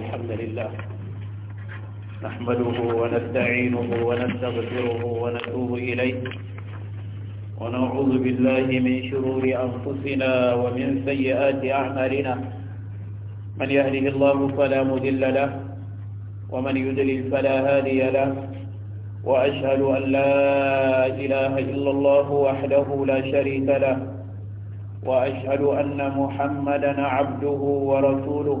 الحمد لله نحمده ونستعينه ونستغفره ونتوب إليه ونعوذ بالله من شرور أنفسنا ومن سيئات أعمالنا من يهده الله فلا مذل له ومن يدلل فلا هادي له وأشهد أن لا إله إلا الله وحده لا شريك له وأشهد أن محمدا عبده ورسوله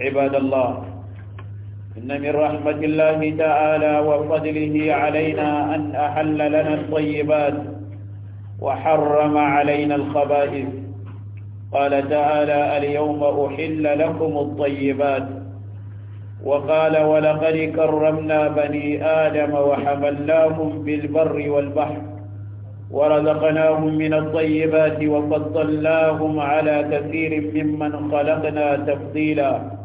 عباد الله إن من رحمة الله تعالى وفضله علينا أن أحل لنا الطيبات وحرم علينا الخبائث قال تعالى اليوم أحل لكم الطيبات وقال ولقد كرمنا بني آدم وحملناهم بالبر والبحر ورزقناهم من الطيبات وفضلناهم على كثير ممن خلقنا تفضيلاً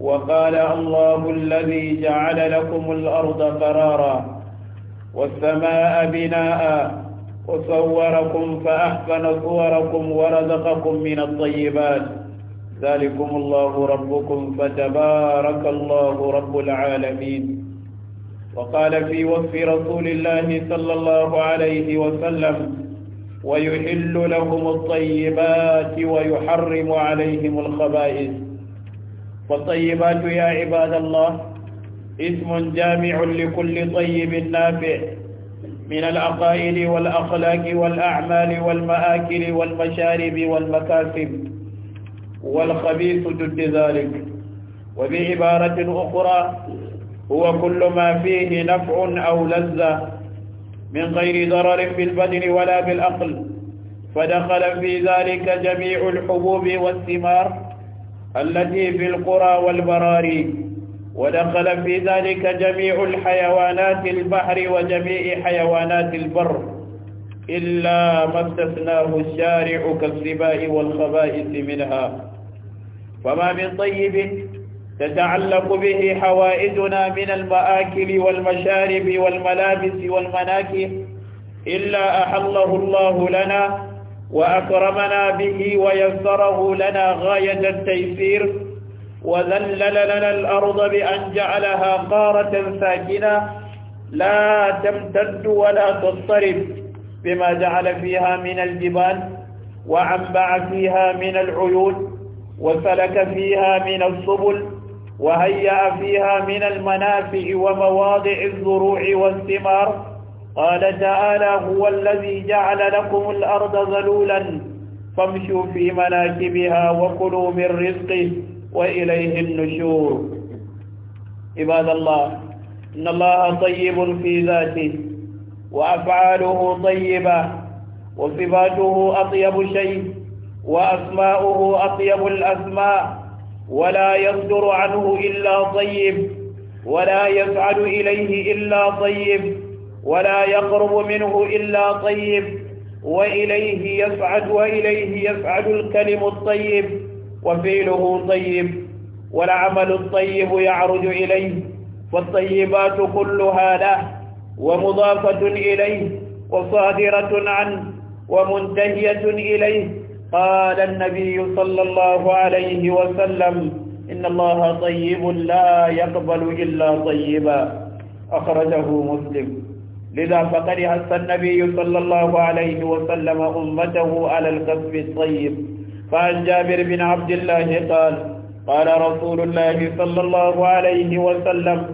وقال الله الذي جعل لكم الأرض قرارا والسماء بناء وصوركم فأحسن صوركم ورزقكم من الطيبات ذلكم الله ربكم فتبارك الله رب العالمين وقال في وصف رسول الله صلى الله عليه وسلم ويحل لهم الطيبات ويحرم عليهم الخبائث والطيبات يا عباد الله اسم جامع لكل طيب نافع من العقائد والأخلاق والأعمال والمآكل والمشارب والمكاسب والخبيث ضد ذلك وبعبارة أخرى هو كل ما فيه نفع أو لذة من غير ضرر بالبدن ولا بالأقل فدخل في ذلك جميع الحبوب والثمار التي في القرى والبراري ودخل في ذلك جميع الحيوانات البحر وجميع حيوانات البر إلا ما استثناه الشارع كالسباء والخبائث منها فما من طيب تتعلق به حوائجنا من المآكل والمشارب والملابس والمناكب إلا أحله الله لنا وأكرمنا به ويسره لنا غاية التيسير وذلل لنا الأرض بأن جعلها قارة ساكنة لا تمتد ولا تضطرب بما جعل فيها من الجبال وعنبع فيها من العيون وسلك فيها من السبل وهيأ فيها من المنافع ومواضع الزروع والثمار قال تعالى هو الذي جعل لكم الأرض ذلولا فامشوا في مناكبها وكلوا من رزقه وإليه النشور عباد الله إن الله طيب في ذاته وأفعاله طيبة وصفاته أطيب شيء وأسماؤه أطيب الأسماء ولا يصدر عنه إلا طيب ولا يفعل إليه إلا طيب ولا يقرب منه إلا طيب وإليه يسعد وإليه يسعد الكلم الطيب وفعله طيب والعمل الطيب يعرج إليه والطيبات كلها له ومضافة إليه وصادرة عنه ومنتهية إليه قال النبي صلى الله عليه وسلم إن الله طيب لا يقبل إلا طيبا أخرجه مسلم لذا فقد حث النبي صلى الله عليه وسلم أمته على القسم الطيب فعن جابر بن عبد الله قال قال رسول الله صلى الله عليه وسلم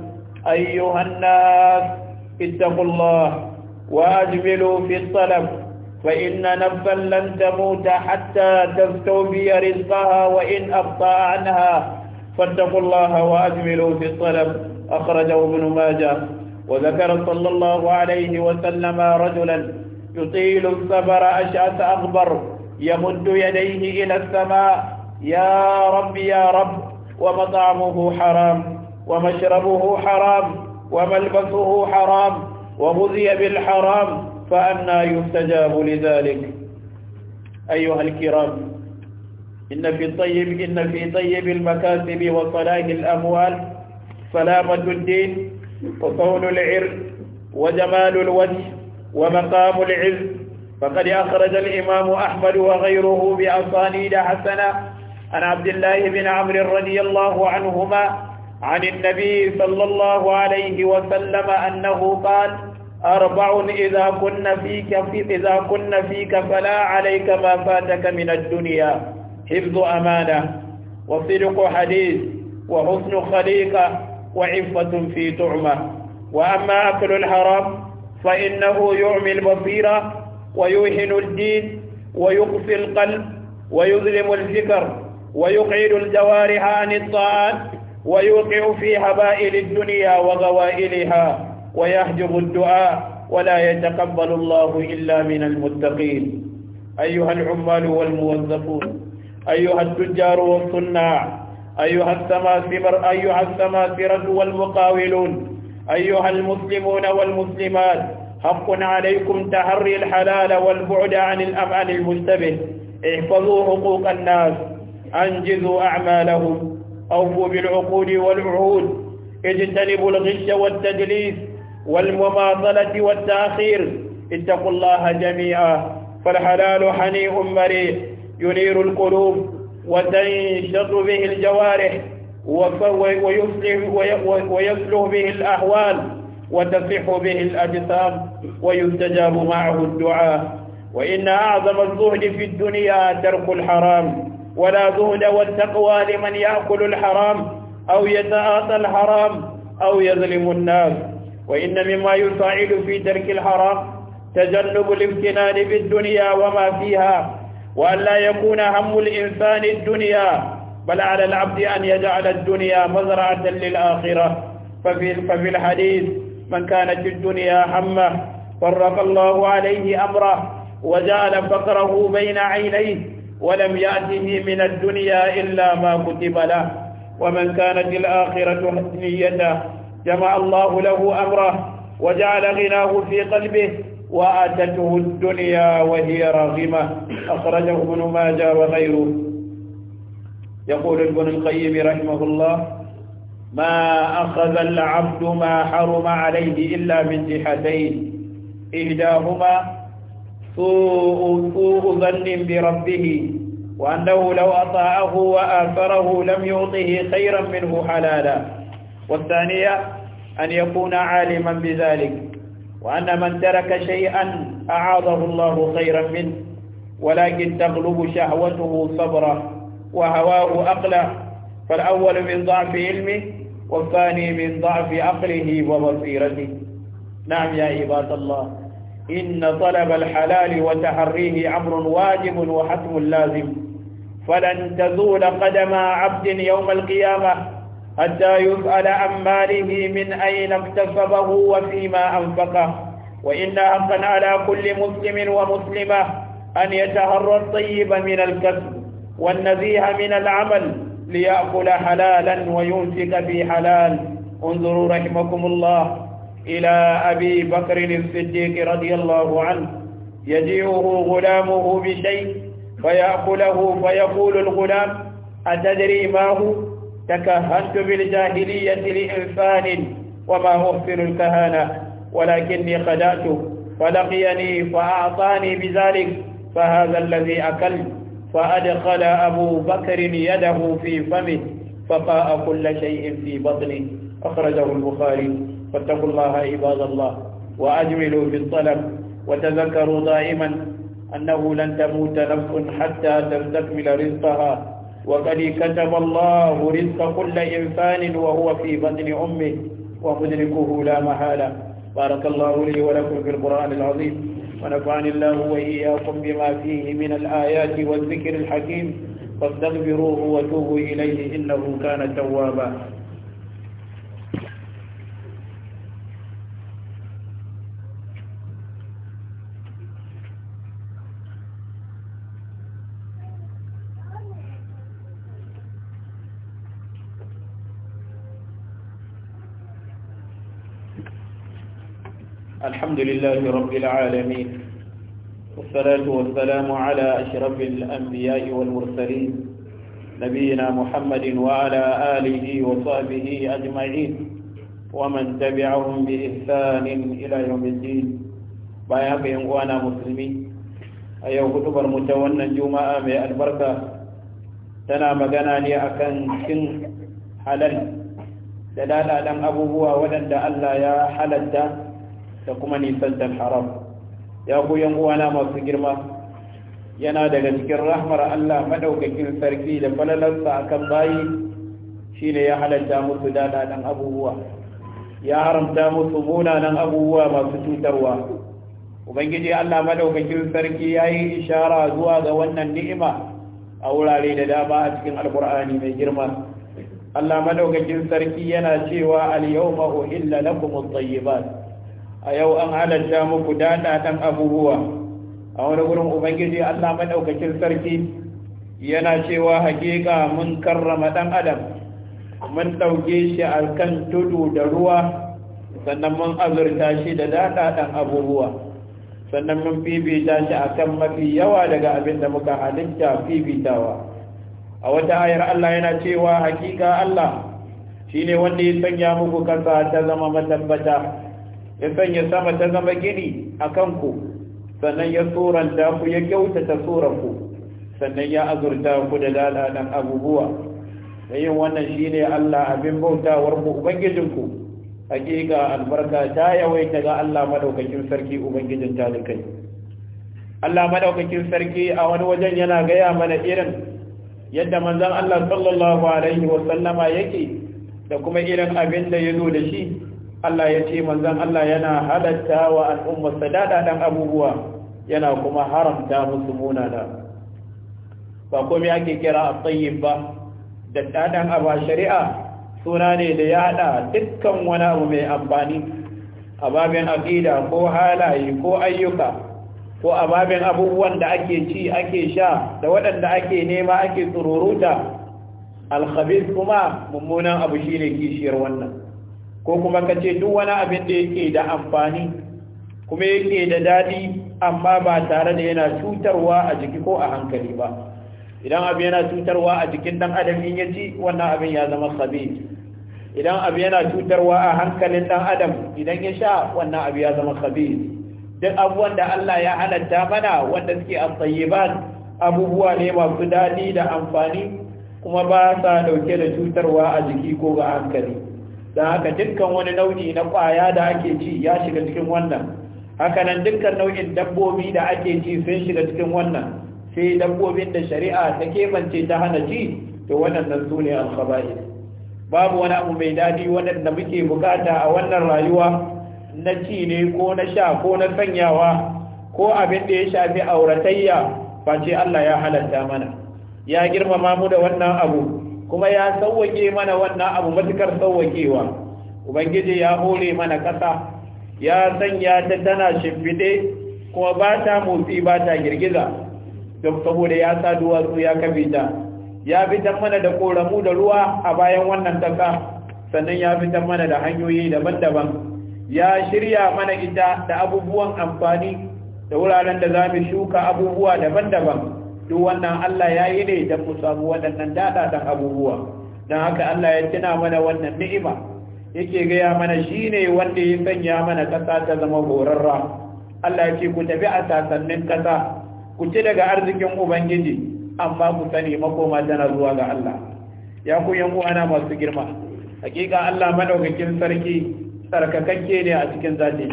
أيها الناس اتقوا الله وأجملوا في الطلب فإن نفسا لن تموت حتى تستوفي رزقها وإن أبطأ عنها فاتقوا الله وأجملوا في الطلب أخرجه ابن ماجه وذكر صلى الله عليه وسلم رجلا يطيل السفر أشأت أغبر يمد يديه إلى السماء يا رب يا رب ومطعمه حرام ومشربه حرام وملبسه حرام وغذي بالحرام فأنا يستجاب لذلك أيها الكرام إن في طيب إن في طيب المكاسب وصلاح الأموال سلامة الدين وطول العرق وجمال الوجه ومقام العز فقد أخرج الإمام أحمد وغيره بأسانيد حسنة عن عبد الله بن عمرو رضي الله عنهما عن النبي صلى الله عليه وسلم أنه قال أربع إذا كن فيك في إذا كن فيك فلا عليك ما فاتك من الدنيا حفظ أمانة وصدق حديث وحسن خليقة وعفة في تعمة وأما أكل الحرام فإنه يعمي البصيرة ويوهن الدين ويقفي القلب ويظلم الفكر ويقعد الجوارح عن الطاعات ويوقع في هبائل الدنيا وغوائلها ويحجب الدعاء ولا يتقبل الله إلا من المتقين أيها العمال والموظفون أيها التجار والصناع أيها السماسرة أيها السماسرة والمقاولون أيها المسلمون والمسلمات حق عليكم تحري الحلال والبعد عن الأمعن المشتبه احفظوا حقوق الناس أنجزوا أعمالهم أوفوا بالعقود والعهود اجتنبوا الغش والتدليس والمماطلة والتأخير اتقوا الله جميعا فالحلال حنيء مريء ينير القلوب وتنشط به الجوارح ويصلح به الأحوال وتصح به الأجسام ويستجاب معه الدعاء وإن أعظم الزهد في الدنيا ترك الحرام ولا زهد والتقوى لمن يأكل الحرام أو يتآتى الحرام أو يظلم الناس وإن مما يساعد في ترك الحرام تجنب الامتنان بالدنيا وما فيها وأن لا يكون هم الإنسان الدنيا بل على العبد أن يجعل الدنيا مزرعة للآخرة ففي, ففي الحديث من كانت الدنيا همه فرق الله عليه أمره وجعل فقره بين عينيه ولم يأته من الدنيا إلا ما كتب له ومن كانت الآخرة نيته جمع الله له أمره وجعل غناه في قلبه وأتته الدنيا وهي راغمة أخرجه ابن ماجه وغيره يقول ابن القيم رحمه الله ما أخذ العبد ما حرم عليه إلا من جهتين إهداهما سوء, سوء ظن بربه وأنه لو أطاعه وآثره لم يعطه خيرا منه حلالا والثانية أن يكون عالما بذلك وأن من ترك شيئا أعاضه الله خيرا منه ولكن تغلب شهوته صبرا وهواه أقله فالأول من ضعف علمه والثاني من ضعف عقله وبصيرته نعم يا عباد الله إن طلب الحلال وتحريه أمر واجب وحتم لازم فلن تزول قدم عبد يوم القيامة حتى يسأل عن ماله من أين اكتسبه وفيما أنفقه وإن حقا على كل مسلم ومسلمة أن يتهرى الطيب من الكسب والنزيه من العمل ليأكل حلالا وينفق في حلال انظروا رحمكم الله إلى أبي بكر الصديق رضي الله عنه يجيئه غلامه بشيء فيأكله فيقول الغلام أتدري ما هو تكهنت بالجاهلية لإنسان وما أغفر الكهانة ولكني خدأت فلقيني فأعطاني بذلك فهذا الذي أكلت فأدخل أبو بكر يده في فمه فقاء كل شيء في بطنه أخرجه البخاري فاتقوا الله عباد الله وأجملوا في الطلب وتذكروا دائما أنه لن تموت نفس حتى تستكمل رزقها وقد كتب الله رزق كل إنسان وهو في بطن أمه ومدركه لا محالة بارك الله لي ولكم في القرآن العظيم ونفعني الله وإياكم بما فيه من الآيات والذكر الحكيم فاستغفروه وتوبوا إليه إنه كان توابا الحمد لله رب العالمين والصلاة والسلام على أشرف الأنبياء والمرسلين نبينا محمد وعلى آله وصحبه أجمعين ومن تبعهم بإحسان إلى يوم الدين بيان ينقوانا مسلمين أيها كتب المتونة جمعة من البركة تنا مغانا لي أكن كن حلال دلالة لم أبوه ولد ألا يا حلال da kuma nisantar haram ya ku yan uwana masu girma yana daga cikin rahmar Allah madaukakin sarki da falalansa akan bayi shine ya halatta musu dadadan abubuwa ya haramta musu munanan abubuwa masu cutarwa ubangiji Allah madaukakin sarki yayi ishara zuwa ga wannan ni'ima a wurare da dama a cikin alkur'ani mai girma Allah madaukakin sarki yana cewa al-yawma uhilla lakum at-tayyibat a yau an halarta muku dadadan abubuwa a wani wurin ubangiji allah maɗaukacin sarki yana cewa hakika mun karrama ɗan adam mun ɗauke shi a kan tudu da ruwa sannan mun azurta shi da dadadan abubuwa sannan mun fifita shi a kan mafi yawa daga abin da muka halitta fifitawa a wata ayar allah yana cewa hakika allah shine wanda ya sanya muku kasa ta zama matabbata ya sanya sama ta zama gini a kanku sannan ya tsoranta ku ya kyautata tsoranku sannan ya azurta ku da lalatan abubuwa da yin wannan shi ne Allah abin bautawar mu ubangijinku hakika albarka ta yawaita ga Allah madaukakin sarki ubangijin talikai Allah madaukakin sarki a wani wajen yana gaya mana irin yadda manzan Allah sallallahu alaihi wa sallama yake da kuma irin abin da ya zo da shi Allah ya ce manzan Allah yana halatta wa al'ummarsa daɗaɗen abubuwa yana kuma haramta musu munana ba ya ake kira a tsayin ba da daɗaɗen abu shari'a suna ne da ya haɗa dukkan wani abu mai amfani a aƙida ko halaye ko ayyuka ko ababen abubuwan da ake ci ake sha da waɗanda ake nema ake tsururuta alhabis kuma mummunan abu shi ne kishiyar wannan ko kuma ka ce duk wani abin da yake da amfani kuma yake da daɗi amma ba tare da yana cutarwa a jiki ko a hankali ba idan abu yana cutarwa a jikin ɗan adam in ya wannan abin ya zama sabi idan abu yana cutarwa a hankalin ɗan adam idan ya sha wannan abu ya zama sabi duk abubuwan da Allah ya halatta mana wanda suke at-tayyibat abubuwa ne masu daɗi da amfani kuma ba sa ɗauke da cutarwa a jiki ko ga hankali da haka dukkan wani nau'i na kwaya da ake ci ya shiga cikin wannan hakanan nan dukkan nau'in dabbobi da ake ci sun shiga cikin wannan sai dabbobin da shari'a ta kebance ta hana ci to waɗannan su ne alkhaba'is babu wani abu mai daɗi waɗanda muke bukata a wannan rayuwa na ci ne ko na sha ko na sanyawa ko abin da ya shafi auratayya face Allah ya halatta mana ya girmama mu da wannan abu kuma ya sauwake mana wannan abu matukar sauwakewa ubangiji ya hore mana ƙasa ya sanya ta tana shimfide, kuma ba ta motsi ba ta girgiza duk saboda ya sa duwatsu ya kafe ta ya fitar mana da koramu da ruwa a bayan wannan taka sannan ya fitar mana da hanyoyi daban-daban ya shirya mana ita da abubuwan amfani da wuraren da za mu shuka abubuwa daban-daban duk wannan Allah ya yi ne don mu samu waɗannan daɗaɗan abubuwa don haka Allah ya tuna mana wannan ni'ima yake gaya mana shi ne wanda ya sanya mana ƙasa ta zama horarra Allah ya ce ku tafi a sasannin ƙasa ku ci daga arzikin Ubangiji amma ku sani makoma tana zuwa ga Allah ya ku yan uwana masu girma hakika Allah madaukakin sarki sarkakakke ne a cikin zatin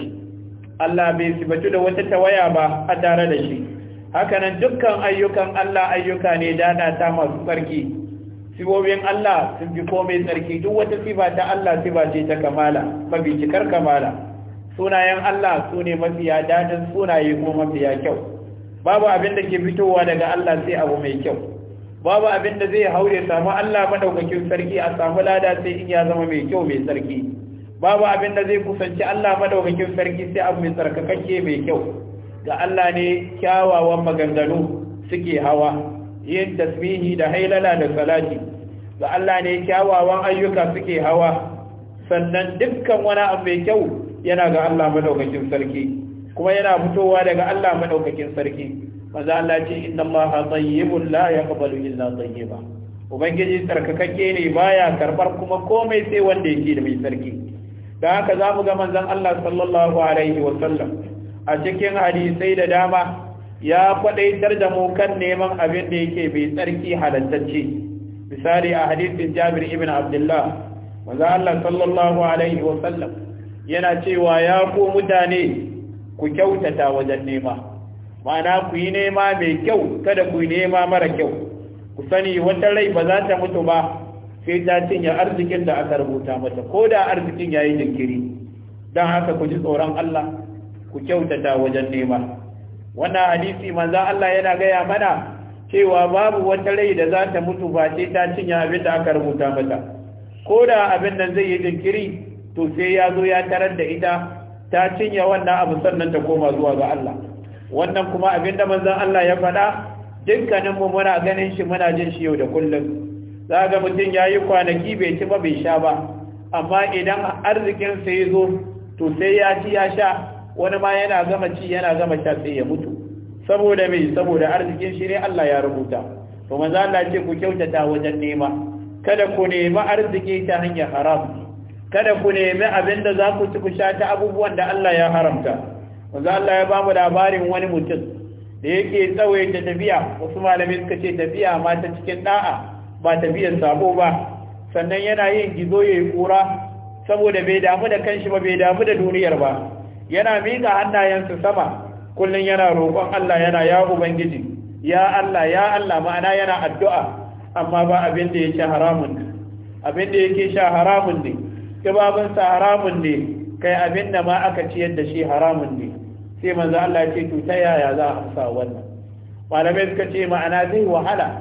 Allah bai sibatu da wata tawaya ba a tare da shi hakanan dukkan ayyukan Allah ayyuka ne dada ta masu tsarki sibobin Allah sun fi komai tsarki duk wata siba ta Allah siba ce ta kamala mabincikar kamala sunayen Allah su ne mafiya dadin sunaye kuma mafiya kyau babu abin da ke fitowa daga Allah sai abu mai kyau babu abin da zai haure samu Allah madaukakin sarki a samu lada sai in ya zama mai kyau mai sarki babu abin da zai kusanci Allah madaukakin sarki sai abu mai tsarkakakke mai kyau ga Allah ne kyawawan maganganu suke hawa yin tasbihi da hailala da salati ga Allah ne kyawawan ayyuka suke hawa sannan dukkan wani abu mai kyau yana ga Allah madaukakin sarki kuma yana fitowa daga Allah madaukakin sarki maza Allah ce inna Allah tayyibun la yaqbalu illa tayyiba ubangiji tsarkakakke ne baya karbar kuma komai sai wanda yake da mai sarki da haka zamu ga manzon Allah sallallahu alaihi wa sallam a cikin hadisai da dama ya kwadaitar da mu kan neman abin da yake bai tsarki halattacce misali a hadisin Jabir ibn Abdullah manzo Allah sallallahu alaihi wa sallam yana cewa ya ku mutane ku kyautata wajen nema ma'ana ku yi nema mai kyau kada ku yi nema mara kyau ku sani wata rai ba za ta mutu ba sai ta cinye arzikin da aka rubuta mata ko da arzikin yayi jinkiri dan haka ku ji tsoron Allah ku kyautata wajen nema wannan hadisi manza Allah yana gaya mana cewa babu wata rai da za ta mutu face ta cinye abin da aka rubuta mata ko da abin nan zai yi jinkiri to sai ya zo ya tarar da ita ta cinye wannan abu sannan ta koma zuwa ga Allah wannan kuma abin da manzan Allah ya faɗa dukkanin mu muna ganin shi muna jin shi yau da kullum za ga mutum ya yi kwanaki bai ci ba bai sha ba amma idan arzikinsa ya zo to sai ya ci ya sha wani ma yana gama ci yana gama sha sai ya mutu saboda mai saboda arzikin shi ne Allah ya rubuta to manzo Allah ce ku kyautata wajen nema kada ku nemi arziki ta hanyar haram kada ku nemi abin da za ku ci ku sha ta abubuwan da Allah ya haramta manzo Allah ya bamu labarin wani mutum da yake tsawaita tafiya wasu malamai suka ce tafiya ma ta cikin da'a ba tafiyar sabo ba sannan yana yin gizo yayi kura saboda bai damu da kanshi ba bai damu da duniyar ba yana miƙa hannayensu sama kullum yana roƙon Allah yana ya ubangiji ya Allah ya Allah ma'ana yana addu'a amma ba abin da yake haramun ne abin da yake sha haramun ne kibabin sa haramun ne kai abin da ma aka ci yadda shi haramun ne sai manzo Allah ce to ta yaya za a amsa wannan malamai suka ce ma'ana zai wahala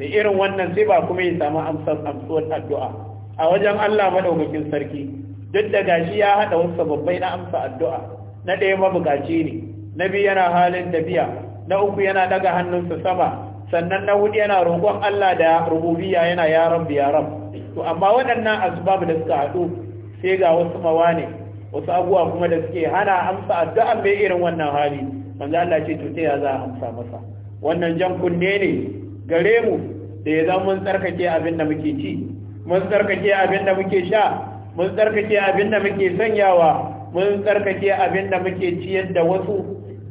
da irin wannan sai ba kuma ya samu amsar addu'a a wajen Allah madaukakin sarki duk da gashi ya haɗa wasu babbai na amsa addu'a na ɗaya mabukaci ne na biyu yana halin tafiya na uku yana daga hannunsa sama sannan na hudu yana roƙon Allah da rububiyya yana yaran biyaran to amma waɗannan asbab da suka haɗu sai ga wasu mawane wasu abuwa kuma da suke hana amsa addu'a mai irin wannan hali manzo Allah ce to ya za amsa masa wannan jan kunne ne gare mu da ya zama mun tsarkake abin da muke ci mun tsarkake abin da muke sha mun tsarkake abin da muke sanyawa mun tsarkake abin da muke ciyar da wasu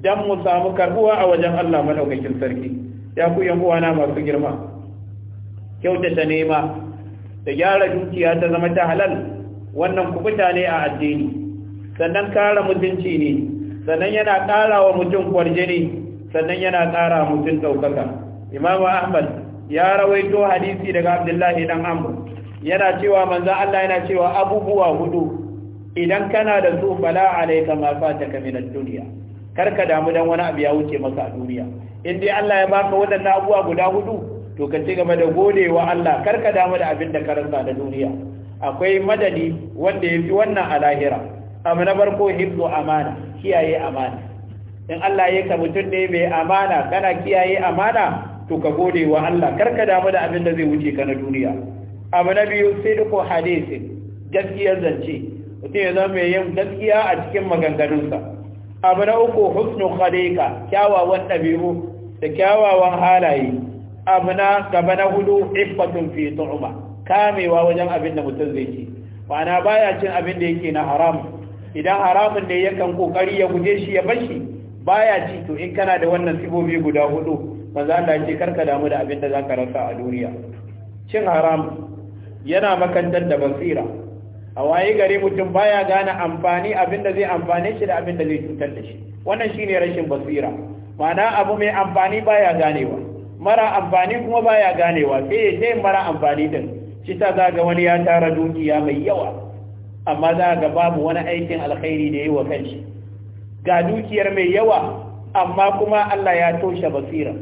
don mu samu karbuwa a wajen Allah madaukakin sarki ya ku yan uwana masu girma kyautata nema da gyara dukiya ta zama ta halal wannan kubuta ne a addini sannan kare mutunci ne sannan yana ƙara wa mutum kwarjini sannan yana ƙara mutum ɗaukaka imamu ahmad ya rawaito hadisi daga abdullahi dan amur yana cewa manza Allah yana cewa abubuwa hudu idan kana da su Bala alayka ma fataka min ad-dunya karka damu dan wani abu ya wuce maka a duniya in dai Allah ya baka wadannan abubuwa guda hudu to ka ci gaba da godewa Allah karka damu da abin da ka rasa da duniya akwai madadi wanda yafi wannan a lahira abu na farko hibdu amana kiyaye amana in Allah ya ka mutum ne mai amana kana kiyaye amana to ka gode wa Allah karka damu da abin da zai wuce ka na duniya abu na biyu sai duko hadisi gaskiyar zance mutum ya zama mai yin gaskiya a cikin maganganunsa abu na uku husnu khadika kyawawan ɗabi'u da kyawawan halaye abu na gaba na hudu ifatun fi tu'ma kamewa wajen abin da mutum zai ci ma'ana baya cin abin da yake na haram idan haramun ne yakan kokari ya guje shi ya bashi baya ci to in kana da wannan sibobi guda hudu manzo Allah ya ce karka damu da abin da ka rasa a duniya cin haram yana makantar da basira a waye gare mutum baya gane amfani abin da zai amfane shi da abin da zai cutar da shi wannan shine rashin basira Mana abu mai amfani baya ganewa mara amfani kuma baya ganewa sai ya je mara amfani din shi ta zaga wani ya tara dukiya mai yawa amma za ga babu wani aikin alkhairi da yi wa kanshi ga dukiyar mai yawa amma kuma Allah ya toshe basira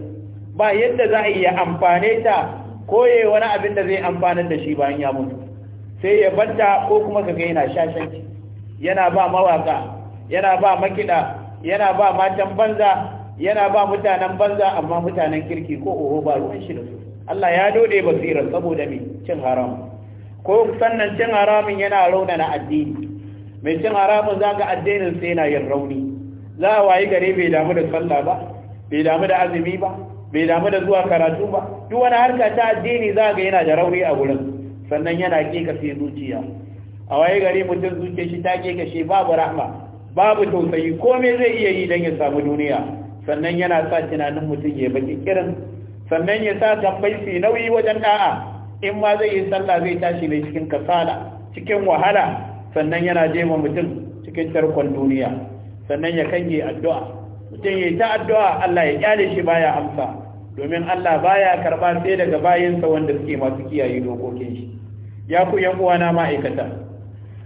ba yadda za a iya amfane ta ko ya yi wani abin da zai amfanar da shi bayan ya mutu sai ya banta ko kuma ka ga yana shashanci yana ba mawaka yana ba makida yana ba matan banza yana ba mutanen banza amma mutanen kirki ko oho ba ruwan shi da su Allah ya dode basira saboda mai cin haram ko sannan cin haramin yana raunana addini mai cin haramun za ga addinin sai yana yin rauni za a wayi gare bai damu da sallah ba bai damu da azumi ba bai damu da zuwa karatu ba duk wani harka ta addini za ga yana da rauni a gurin sannan yana kekashe zuciya a waye gari mutum zuciya shi ta kekashe babu rahma babu tausayi komai zai iya yi don ya samu duniya sannan yana sa tunanin mutum ya baki kirin sannan ya sa tambayi su nauyi wajen da'a in ma zai yi sallah zai tashi ne cikin kasala cikin wahala sannan yana jema mutum cikin tarkon duniya sannan ya kange addu'a mutum ya ta addu'a Allah ya kyale shi baya amsa domin Allah baya karba sai daga bayinsa wanda suke masu kiyaye dokokin shi ya ku yan uwana ma'aikata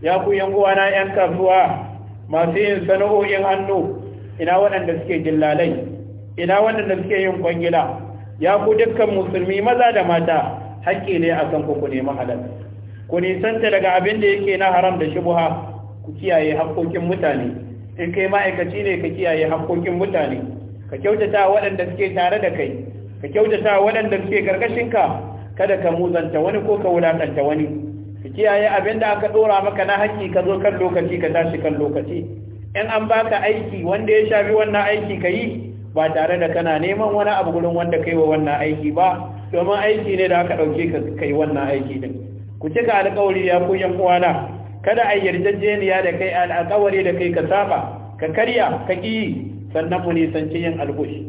ya ku yan uwana yan kasuwa masu yin sana'o'in hannu ina waɗanda suke jillalai ina waɗanda suke yin kwangila ya ku dukkan musulmi maza da mata haƙƙi ne a kan ku nemi halal ku nisanta daga abin da yake na haram da shubuha ku kiyaye haƙƙoƙin mutane in kai ma'aikaci ne ka kiyaye haƙƙoƙin mutane ka kyautata waɗanda suke tare da kai ka kyautata waɗanda suke karkashinka kada ka muzanta wani ko ka wulakanta wani ka kiyaye abin da aka ɗora maka na haƙƙi ka zo kan lokaci ka tashi kan lokaci in an baka aiki wanda ya shafi wannan aiki ka yi ba tare da kana neman wani abu gurin wanda yi wa wannan aiki ba domin aiki ne da aka ɗauke ka yi wannan aiki din ku cika alƙawari ya ku yan uwana kada a yarjejeniya da kai alƙawari da kai ka saba ka karya ka ƙi sannan mu nisanci yin alƙushi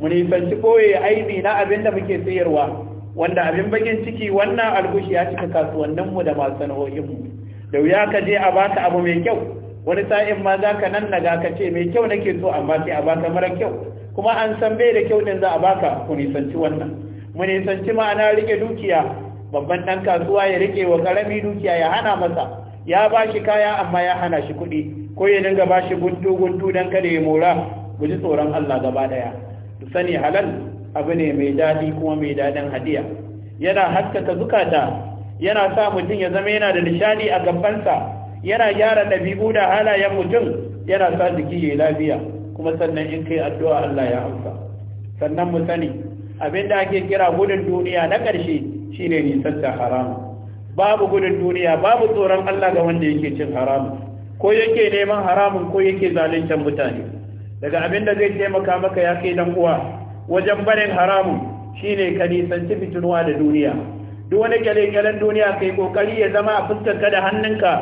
mu nisanci ya aibi na abin da muke sayarwa wanda abin bakin ciki wannan algushi ya cika kasuwanninmu da masu sana'o'inmu da wuya ka je a baka abu mai kyau wani sa'in ma za ka nan na ga ka ce mai kyau nake so amma sai a baka mara kyau kuma an san bai da kyau din za a baka ku nisanci wannan mu nisanci ma'ana rike dukiya babban ɗan kasuwa ya rike wa ƙarami dukiya ya hana masa ya ba shi kaya amma ya hana shi kuɗi ko ya dinga ba shi guntu guntu don kada ya mora guji tsoron Allah gaba ɗaya su sani halal abu ne mai daɗi kuma mai daɗin hadiya yana haskaka zukata yana sa mutum ya zama yana da nishadi a gabansa yana gyara ɗabi'u da halayen mutum yana sa jiki ya lafiya kuma sannan in kai addu'a Allah ya amsa sannan mu sani abin da ake kira gudun duniya na ƙarshe shine nisan ta haramu babu gudun duniya babu tsoron Allah ga wanda yake cin haramu ko yake neman haramun ko yake zaluncin mutane daga abin da zai taimaka maka ya kai dan uwa wajen barin haramun shine ka nisanci fitinuwa da duniya duk wani kyale-kyalen duniya kai kokari ya zama a fuskarka da hannunka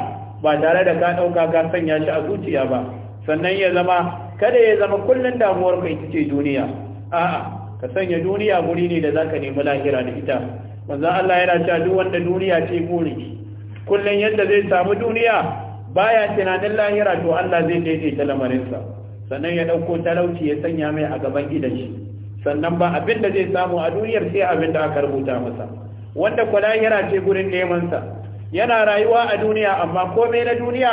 ba tare da ka ɗauka ka sanya shi a zuciya ba sannan ya zama kada ya zama kullun damuwar kai ce duniya a'a ka sanya duniya guri ne da zaka nemi lahira da ita manzo Allah yana cewa duk wanda duniya ce guri kullum yadda zai samu duniya baya tunanin lahira to Allah zai daidaita lamarinsa sannan ya ɗauko talauci ya sanya mai a gaban gidan shi sannan ba abin da zai samu a duniyar sai abin da aka rubuta masa wanda kwalahira ce gurin nemansa yana rayuwa a duniya amma komai na duniya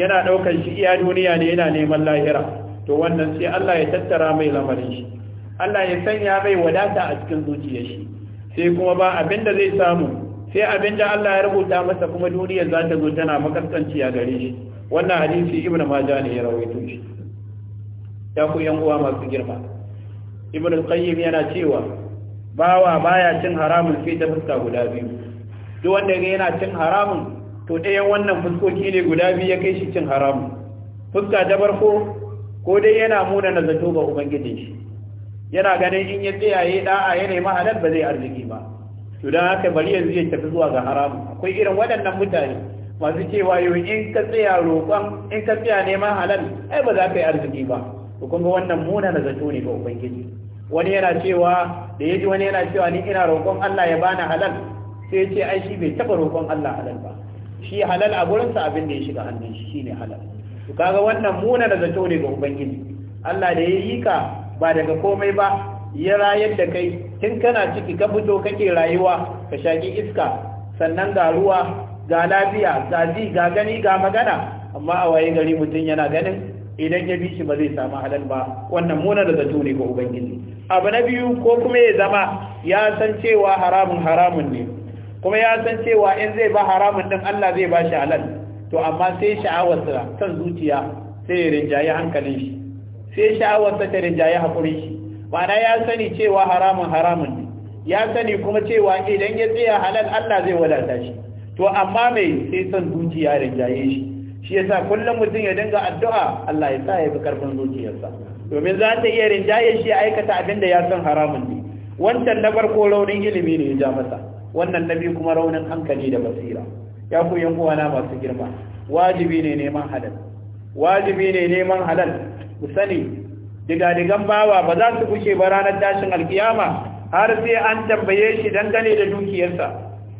yana ɗaukar shi iya duniya ne yana neman lahira to wannan sai Allah ya tattara mai lamarin shi Allah ya sanya mai wadata a cikin zuciyar shi sai kuma ba abin da zai samu sai abin da Allah ya rubuta masa kuma duniyar za ta zo tana makaskanciya gare shi wannan hadisi ibnu majah ne ya rawaito shi ya ku yan uwa masu girma ibn qayyim yana cewa bawa baya cin haramun sai ta fuska guda biyu duk wanda ga yana cin haramun to ɗayan wannan fuskoki ne guda biyu ya kai shi cin haramun fuska ta farko ko dai yana muna na zato ga yana ganin in ya tsayaye da'a ya nemi halal ba zai arziki ba to dan haka bari yanzu ya tafi zuwa ga haramun akwai irin waɗannan mutane masu cewa yau in ka tsaya roƙon in ka tsaya neman halal ai ba za ka yi arziki ba to kuma wannan muna da zato ne ga ubangiji wani yana cewa da yaji wani yana cewa ni ina roƙon Allah ya bani halal sai ya ce ai shi bai taba roƙon Allah halal ba shi halal a gurin sa abin da ya shiga hannun shi shine halal to kaga wannan muna da zato ne ga ubangiji Allah da ya yi ka ba daga komai ba ya rayar da kai tun kana ciki ka fito kake rayuwa ka shaki iska sannan ga ruwa ga lafiya ga ji ga gani ga magana amma a waye gari mutum yana ganin idan ya bi shi ba zai samu halal ba wannan munar da zato ne ga ubangiji abu na biyu ko kuma ya zama ya san cewa haramun haramun ne kuma ya san cewa in zai ba haramun din Allah zai ba shi halal to amma sai sa kan zuciya sai ya rinjaye hankalin shi sai sa ta rinjaye hakuri shi Mana ya sani cewa haramun haramun ne ya sani kuma cewa idan ya tsaya halal Allah zai wadata shi to amma mai sai san zuciya rinjaye shi shi yasa kullum mutum ya dinga addu'a Allah ya sa ya fi karfin zuciyarsa domin za ta iya rinjaye shi aikata abin da ya san haramun ne wancan na farko raunin ilimi ne ya ja masa wannan na biyu kuma raunin hankali da basira ya ku yan uwana masu girma wajibi ne neman halal wajibi ne neman halal ku sani digadigan bawa ba za su kuce ba ranar tashin alkiyama har sai an tambaye shi dangane da dukiyarsa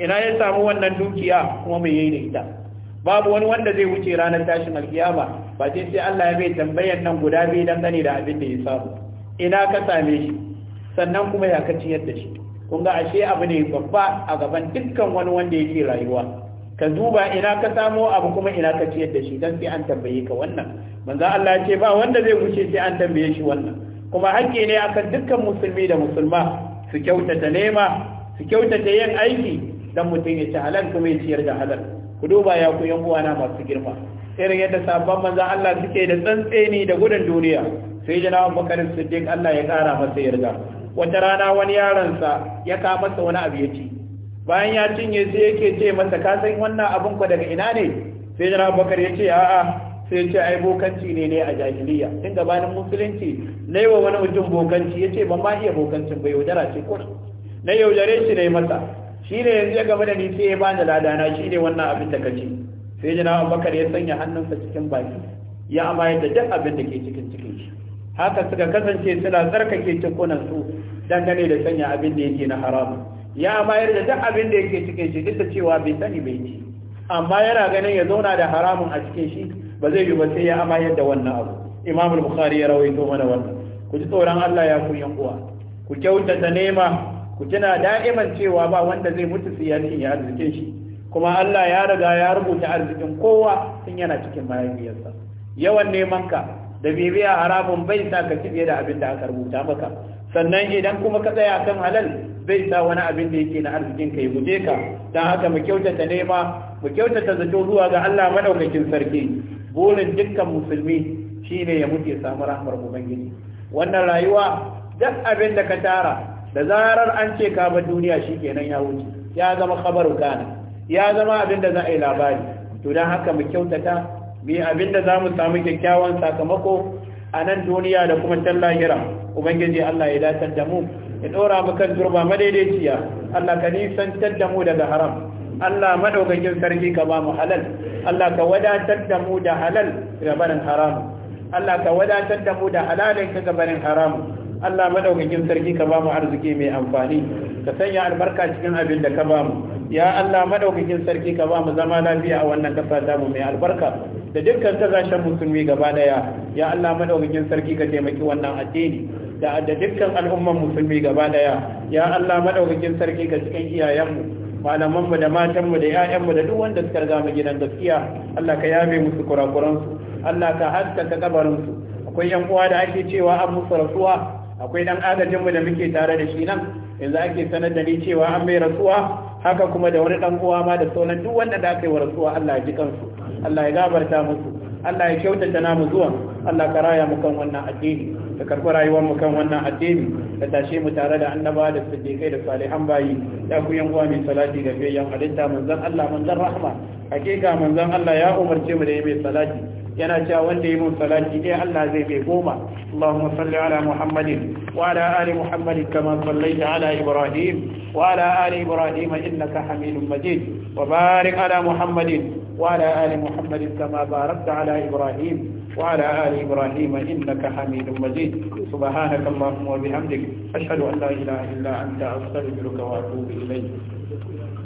ina ya samu wannan dukiya kuma mai yi da ita babu wani wanda zai wuce ranar tashin alkiyama ba ce sai Allah ya bai tambayar nan guda biyu dangane da abin da ya samu ina ka same shi sannan kuma ya ka yadda shi kun ga ashe abu ne babba a gaban dukkan wani wanda yake rayuwa ka duba ina ka samo abu kuma ina ka ciyar da shi dan sai an tambaye ka wannan manzo Allah ya ce ba wanda zai wuce sai an tambaye shi wannan kuma hakki ne akan dukkan musulmi da musulma su kyautata nema su kyautata yin aiki dan mutum ya ci halal kuma ya ciyar da halal ku duba ya ku yan uwana masu girma irin yadda sabon manzan Allah suke da tsantseni da gudun duniya sai jana bakar siddiq Allah ya kara masa yarda wata rana wani yaronsa ya ka masa wani abu ya bayan ya cinye sai yake ce masa ka san wannan abun ku daga ina ne sai jana bakar ya ce a'a sai ce ai bokanci ne ne a jahiliya tun gabanin musulunci na yi wa wani mutum bokanci ya ce ban ma iya bokancin bai yaudara ce kuna na yaudare shi ne masa shi ne yanzu ya gaba da ni sai ya bani ladana shi ne wannan abin da kace sai jina abubakar ya sanya hannunsa cikin baki ya amayar da duk abin da ke cikin cikin shi haka suka kasance suna tsarkake cikunan su dangane da sanya abin da yake na haramun ya amayar da duk abin da yake cikin shi duk da cewa bai sani bai ci amma yana ganin ya zauna da haramun a cikin shi ba zai yi ba sai ya amayar da wannan abu imam al-bukhari ya rawaito mana wannan ku ji tsoron Allah ya ku yan uwa ku kyautata nema ku tuna da'iman cewa ba wanda zai mutu sai ya cinye arzikin shi kuma Allah ya riga ya rubuta arzikin kowa tun yana cikin mahaifiyarsa yawan neman ka da bibiya haramun bai sa ka ci da abin da aka rubuta maka sannan idan kuma ka tsaya kan halal zai sa wani abin da yake na arzikin ka ya guje ka don haka mu kyautata nema mu kyautata zato zuwa ga Allah madaukakin sarki burin dukkan musulmi shine ya mutu ya samu rahmar ubangiji wannan rayuwa duk abin da ka tara da zarar an ce ka bar duniya shikenan ya wuce ya zama khabaru kana ya zama abin da za a yi labari to don haka mu kyautata bi abin da za mu samu kyakkyawan sakamako a nan duniya da kuma can lahira ubangiji Allah ya datar da mu ya dora mu kan turba madaidaiciya Allah ka nisantar da mu daga haram Allah madaukakin sarki ka ba mu halal Allah ka wadatar da mu da halal daga barin haram Allah ka wadatar da mu da halalin daga barin haram Allah madaukakin sarki ka ba mu arziki mai amfani ka sanya albarka cikin abin da ka ba mu ya Allah madaukakin sarki ka ba mu zama lafiya a wannan kasa ta mu mai albarka da dukkan kasashen musulmi gaba daya ya Allah madaukakin sarki ka taimaki wannan addini da da dukkan al'umman musulmi gaba daya ya Allah madaukakin sarki ka cikin iyayenmu malamanmu da matanmu da 'ya'yanmu da duk wanda suka gama mu gidan gaskiya Allah ka yabe musu kurakuransu Allah ka haskaka kabarinsu akwai yan uwa da ake cewa an musu rasuwa akwai dan agajinmu da muke tare da shi nan yanzu ake sanar da ni cewa an mai rasuwa haka kuma da wani dan uwa ma da sauran duk wanda da aka yi wa rasuwa Allah ya ji kansu Allah ya gabarta musu Allah ya kyautata namu zuwa Allah ka raya mu kan wannan addini ka karɓi rayuwar mu kan wannan addini ka tashe mu tare da annaba da siddiqai da salihan bayi da ku yan uwa mai salati da fayyan halitta manzon Allah manzon rahma hakika manzon Allah ya umarce mu da yi mai salati yana cewa wanda ya mun salati ɗaya eh, Allah zai bai goma Allahumma salli ala Muhammadin wa ala ali Muhammadin kama sallaita ala Ibrahim wa ala ali Ibrahim innaka Hamidum Majid wa barik ala Muhammadin wa ala ali Muhammadin kama barakta ala Ibrahim ali وعلى آل إبراهيم إنك حميد مجيد سبحانك اللهم وبحمدك أشهد أن لا إله إلا أنت أستغفرك وأتوب إليك